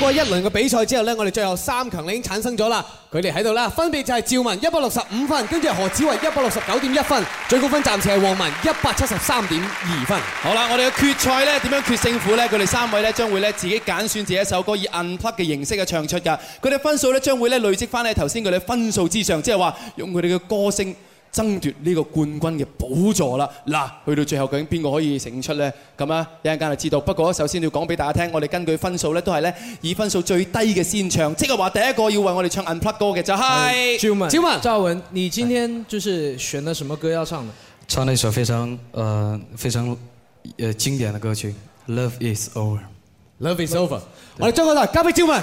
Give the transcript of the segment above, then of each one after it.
過一輪嘅比賽之後呢，我哋最後三強已經產生咗啦。佢哋喺度啦，分別就係趙文一百六十五分，跟住何子維一百六十九點一分，最高分暫時係黃文一百七十三點二分。好啦，我哋嘅決賽呢，點樣決勝負呢？佢哋三位呢，將會呢自己揀選自己一首歌以 Unplugged 嘅形式嘅唱出㗎。佢哋分數呢，將會呢累積翻喺頭先佢哋分數之上，即係話用佢哋嘅歌聲。爭奪呢個冠軍嘅寶座啦！嗱，去到最後究竟邊個可以勝出咧？咁啊，一陣間就知道。不過，首先要講俾大家聽，我哋根據分數咧，都係咧以分數最低嘅先唱，即係話第一個要為我哋唱 Unplugged 歌嘅就係趙文。趙、hey，文，你今天就是選咗什麼歌要唱呢？唱了一首非常呃非常呃經典嘅歌曲《Love Is Over》。Love Is Love Over，我哋將個台交俾趙文。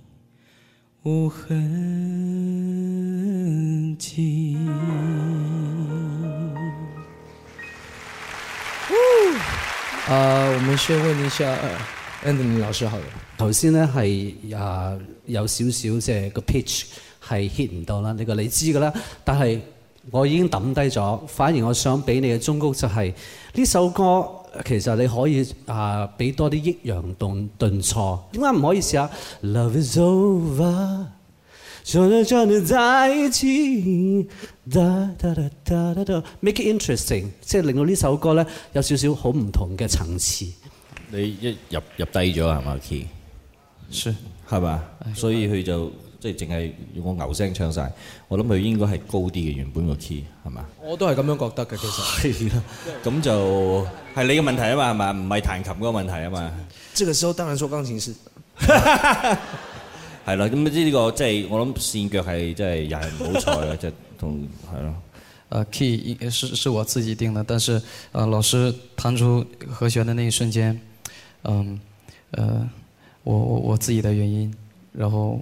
無痕迹。啊、呃，我們先問一下 Andy 老師，好了。頭先呢係啊有少少即係個 pitch 係 hit 唔到啦，你個你知噶啦。但係我已經抌低咗，反而我想俾你嘅忠告就係、是、呢首歌。其實你可以啊，俾多啲抑揚頓頓挫，點解唔可以試下？Love is over，才能將你帶起。Make it interesting，即係令到呢首歌咧有少少好唔同嘅層次。你一入入低咗係咪 key？係嘛，所以佢就。即係淨係用我牛聲唱晒，我諗佢應該係高啲嘅原本個 key 係嘛？我都係咁樣覺得嘅，其實係啦，咁、啊、就係你嘅問題啊嘛，係嘛？唔係彈琴嗰個問題啊嘛。呢個時候當然說鋼琴師。係 啦、 啊，咁呢呢個即係、就是、我諗線腳係即係又係唔好彩啦，即係同係咯。呃 key 是是我自己定嘅，但是呃、uh, 老師彈出和弦嘅那一瞬間，嗯、uh, uh,，呃我我我自己嘅原因，然後。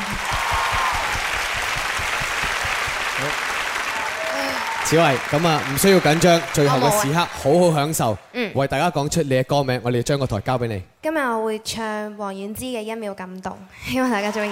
小慧，咁啊，唔需要緊張，最後嘅時刻好好享受，為大家講出你嘅歌名，我哋將個台交俾你。今日我會唱王菀之嘅《一秒感動》，希望大家中意。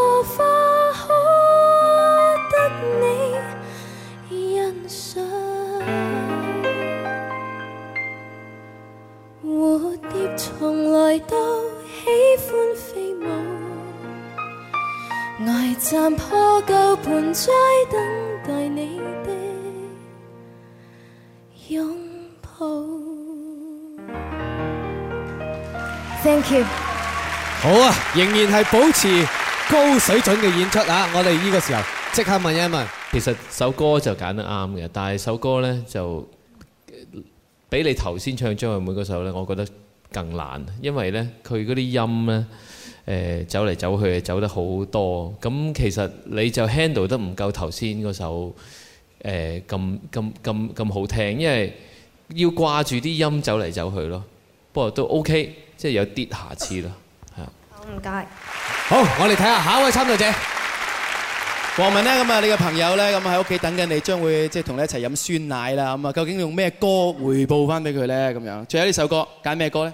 來到喜歡飛舞，呆站破舊盆栽，等待你的擁抱。Thank you。好啊，仍然係保持高水準嘅演出啊！我哋呢個時候即刻問一問，其實首歌就揀得啱嘅，但係首歌咧就比你頭先唱張惠妹嗰首咧，我覺得。更難，因為咧佢嗰啲音咧，誒走嚟走去走得好多，咁其實你就 handle 得唔夠頭先嗰首誒咁咁咁咁好聽，因為要掛住啲音走嚟走去咯。不過都 OK，即係有啲瑕疵咯，係啊。好唔該。好，我哋睇下下一位參賽者黃文咧，咁啊你嘅朋友咧，咁啊喺屋企等緊你，將會即係同你一齊飲酸奶啦。咁啊究竟用咩歌回報翻俾佢咧？咁樣，最後呢首歌揀咩歌咧？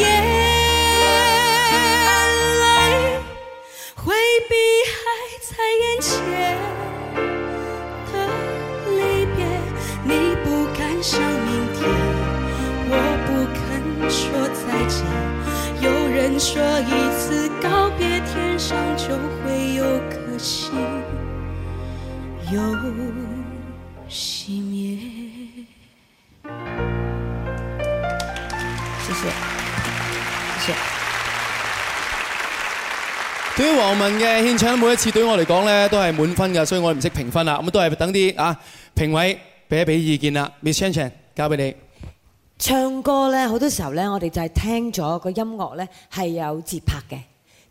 說一次告別，天上就會有顆星又熄滅。謝謝，謝謝。對於黃文嘅獻唱，每一次對於我嚟講咧都係滿分㗎，所以我唔識評分啦。咁都係等啲啊評委俾一俾意見啦。Miss Chan Chan，交俾你。唱歌呢，好多時候呢，我哋就係聽咗個音樂呢，係有節拍嘅。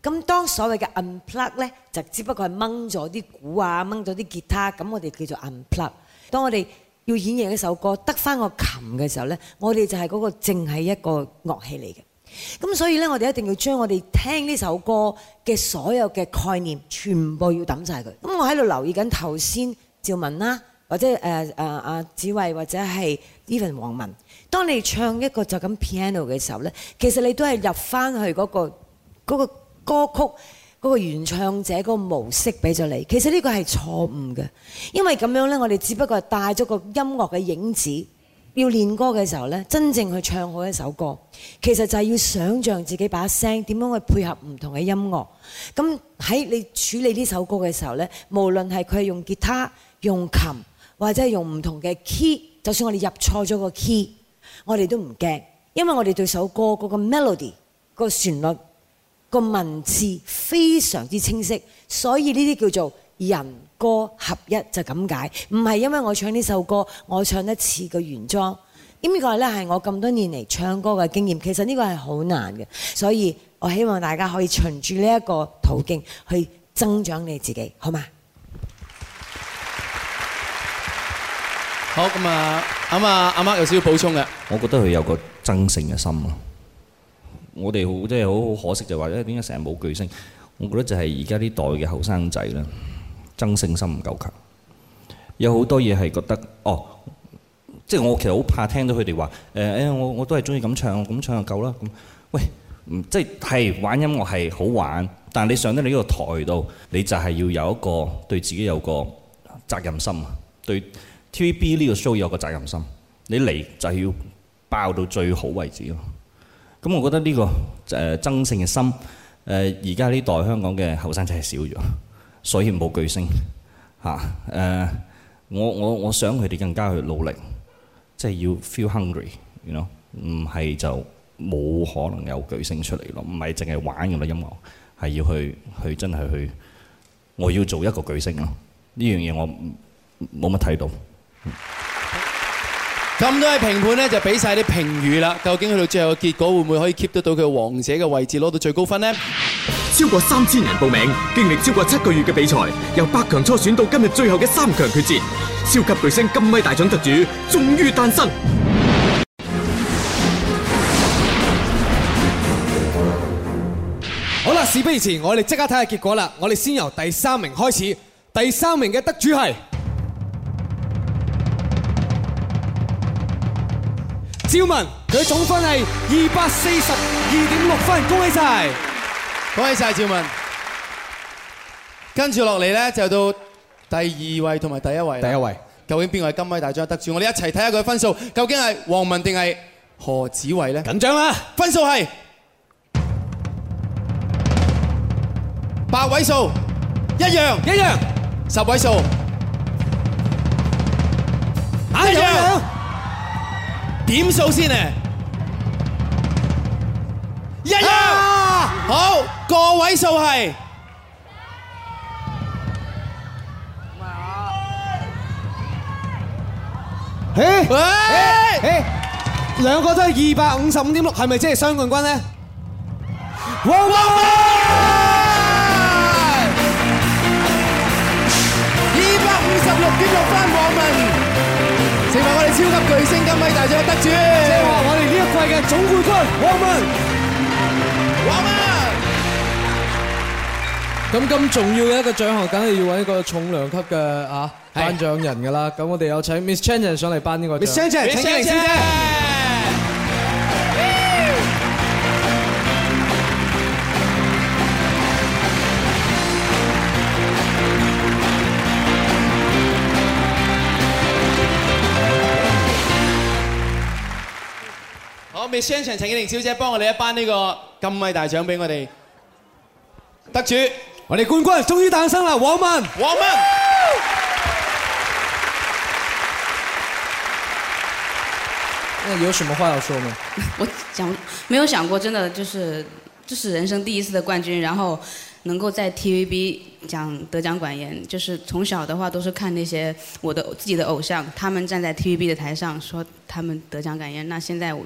咁當所謂嘅 unplug 呢，就只不過係掹咗啲鼓啊、掹咗啲吉他，咁我哋叫做 unplug。當我哋要演繹一首歌，得返個琴嘅時候呢，我哋就係嗰、那個淨係一個樂器嚟嘅。咁所以呢，我哋一定要將我哋聽呢首歌嘅所有嘅概念，全部要抌晒佢。咁我喺度留意緊頭先趙文啦，或者誒誒阿子慧或者係 Even 黃文。當你唱一個就咁 piano 嘅時候呢，其實你都係入翻去嗰個嗰個歌曲嗰個原唱者嗰個模式俾咗你。其實呢個係錯誤嘅，因為咁樣呢，我哋只不過係帶咗個音樂嘅影子。要練歌嘅時候呢，真正去唱好一首歌，其實就係要想像自己把聲點樣去配合唔同嘅音樂。咁喺你處理呢首歌嘅時候呢，無論係佢係用吉他、用琴，或者係用唔同嘅 key，就算我哋入錯咗個 key。我哋都唔驚，因為我哋對首歌嗰個 melody 個旋律，個文字非常之清晰，所以呢啲叫做人歌合一就咁解。唔係因為我唱呢首歌，我唱一次個原裝。呢個咧係我咁多年嚟唱歌嘅經驗。其實呢個係好難嘅，所以我希望大家可以循住呢一個途徑去增長你自己，好嘛？好咁啊，阿媽阿媽有少少補充嘅。我覺得佢有個爭勝嘅心咯。我哋好即係好好可惜就話點解成日冇巨星？我覺得就係而家呢代嘅後生仔咧，爭勝心唔夠強。有好多嘢係覺得哦，即係我其實好怕聽到佢哋話誒誒，我我都係中意咁唱，咁唱就夠啦。咁喂，即係係玩音樂係好玩，但係你上得呢個台度，你就係要有一個對自己有個責任心啊，對 T.V.B. 呢個 show 有個責任心，你嚟就要爆到最好位置咯。咁我覺得呢、呢個誒爭勝嘅心誒，而家呢代香港嘅後生仔係少咗，所以冇巨星嚇。誒、啊，我我我想佢哋更加去努力，即係要 feel hungry，you know，唔係就冇可能有巨星出嚟咯。唔係淨係玩咁嘅音樂，係要去去真係去，我要做一個巨星咯。呢樣嘢我冇乜睇到。咁多位評判呢，就俾晒啲評語啦。究竟去到最後嘅結果，會唔會可以 keep 得到佢王者嘅位置，攞到最高分呢？超過三千人報名，經歷超過七個月嘅比賽，由百強初選到今日最後嘅三強決戰，超級巨星金米大獎得主終於誕生。好啦，事不宜遲，我哋即刻睇下結果啦。我哋先由第三名開始，第三名嘅得主係。趙文，佢總分係二百四十二點六分，恭喜晒，恭喜晒趙文。跟住落嚟咧，就到第二位同埋第一位。第一位，究竟邊位係金威大獎得主？我哋一齊睇下佢嘅分數，究竟係黃文定係何子偉咧？緊張啊，分數係八位數，一樣一樣，十位數，一樣。點數先咧？一樣，好，個位數係。好。誒，兩個都係二百五十五點六，係咪即係雙冠軍咧？哇哇哇！超級巨星金咪大獎得主，即係話我哋呢一季嘅總冠軍黃文，黃文！咁咁重要嘅一個獎項，梗係要揾一個重量級嘅啊頒獎人噶啦。咁我哋有請 Miss Chanen 上嚟頒呢個獎，Miss Chanen，請你。被商場陳潔玲小姐幫我哋一班呢個金米大獎俾我哋得主，我哋冠軍終於誕生啦！王文，王文。那有什麼話要說嗎？我講，沒有想過，真的就是，這、就是人生第一次的冠軍，然後能夠在 TVB 講得獎感言，就是從小的話都是看那些我的自己的偶像，他們站在 TVB 的台上，說他們得獎感言，那現在我。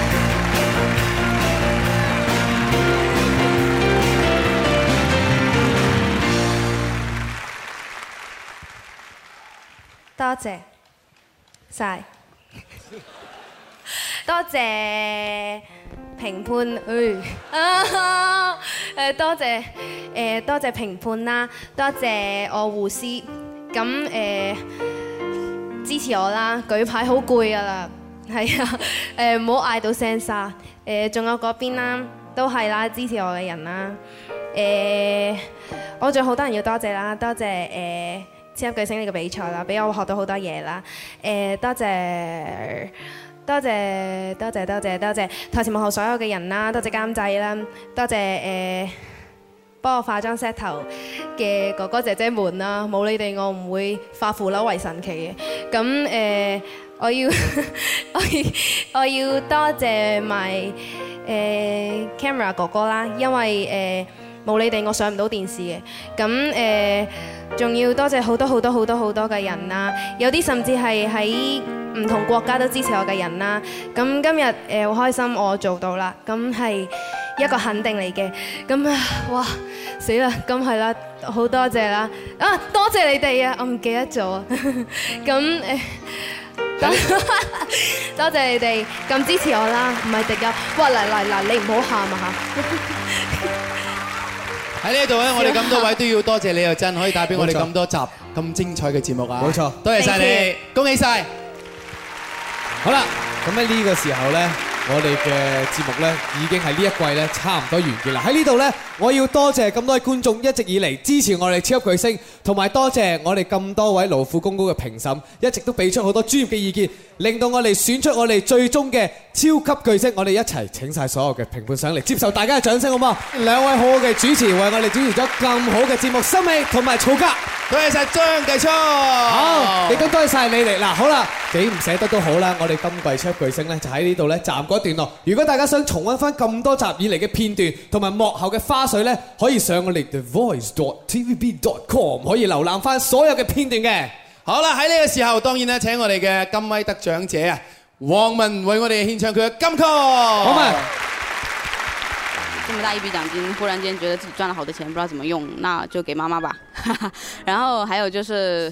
多謝曬，多謝，謝，謝，謝，謝，謝評判，誒多謝誒多謝評判啦，多謝我護師，咁誒支持我啦，舉牌好攰㗎喇，係啊誒唔好嗌到聲沙，誒仲有嗰邊啦，都係啦，支持我嘅人啦，誒、呃、我仲有好多人要多謝啦，多謝誒。呃超級巨星呢個比賽啦，俾我學到好多嘢啦。誒，多謝多謝多謝多謝多謝台前幕後所有嘅人啦，多謝監製啦，多謝誒幫、呃、我化妝 set 頭嘅哥哥姐姐們啦，冇你哋我唔會化腐朽為神奇嘅。咁、呃、誒，我要我要我要多謝埋誒 camera 哥哥啦，因為誒冇、呃、你哋我上唔到電視嘅。咁、呃、誒。仲要多好多好多好多好多嘅人啦，有啲甚至係喺唔同國家都支持我嘅人啦。咁今日誒，好開心，我做到啦，咁係一個肯定嚟嘅。咁啊，哇，死啦！咁係啦，好多謝啦。啊，多謝你哋啊，我唔記得咗。咁誒，呃、 多謝你哋咁支持我啦，唔係迪啊！哇，嚟嚟嗱，你唔好喊啊！喺呢度呢，我哋咁多位都要多謝李又真可以帶俾我哋咁多集咁精彩嘅節目啊！冇錯，多謝晒你，恭喜晒！好啦，咁喺呢個時候呢，我哋嘅節目呢已經喺呢一季呢差唔多完結啦。喺呢度呢，我要多謝咁多位觀眾一直以嚟支持我哋超級巨星，同埋多謝我哋咁多位勞苦功高嘅評審，一直都俾出好多專業嘅意見。令到我哋選出我哋最終嘅超級巨星，我哋一齊請曬所有嘅評判上嚟，接受大家嘅掌聲好嗎？兩位好好嘅主持為我哋主持咗咁好嘅節目，心氣同埋燥急，多謝曬張繼聰。好，亦都多謝你嚟嗱。好啦，幾唔捨得都好啦，我哋今季出巨星咧就喺呢度咧暫告一段落。如果大家想重温翻咁多集以嚟嘅片段同埋幕後嘅花絮咧，可以上我哋 thevoice.tvb.com 可以瀏覽翻所有嘅片段嘅。好啦，喺呢個時候，當然咧請我哋嘅金威得獎者啊，黃文為我哋獻唱佢嘅金曲。好嘛，這麼大一筆獎金，忽然間覺得自己賺咗好多錢，不知道怎麼用，那就給媽媽吧。 然後還有就是。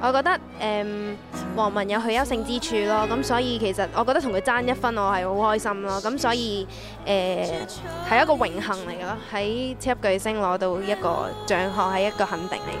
我覺得誒、嗯，王文有佢優勝之處咯，咁所以其實我覺得同佢爭一分，我係好開心咯，咁所以誒係、呃、一個榮幸嚟嘅咯，喺超級巨星攞到一個獎項係一個肯定嚟嘅。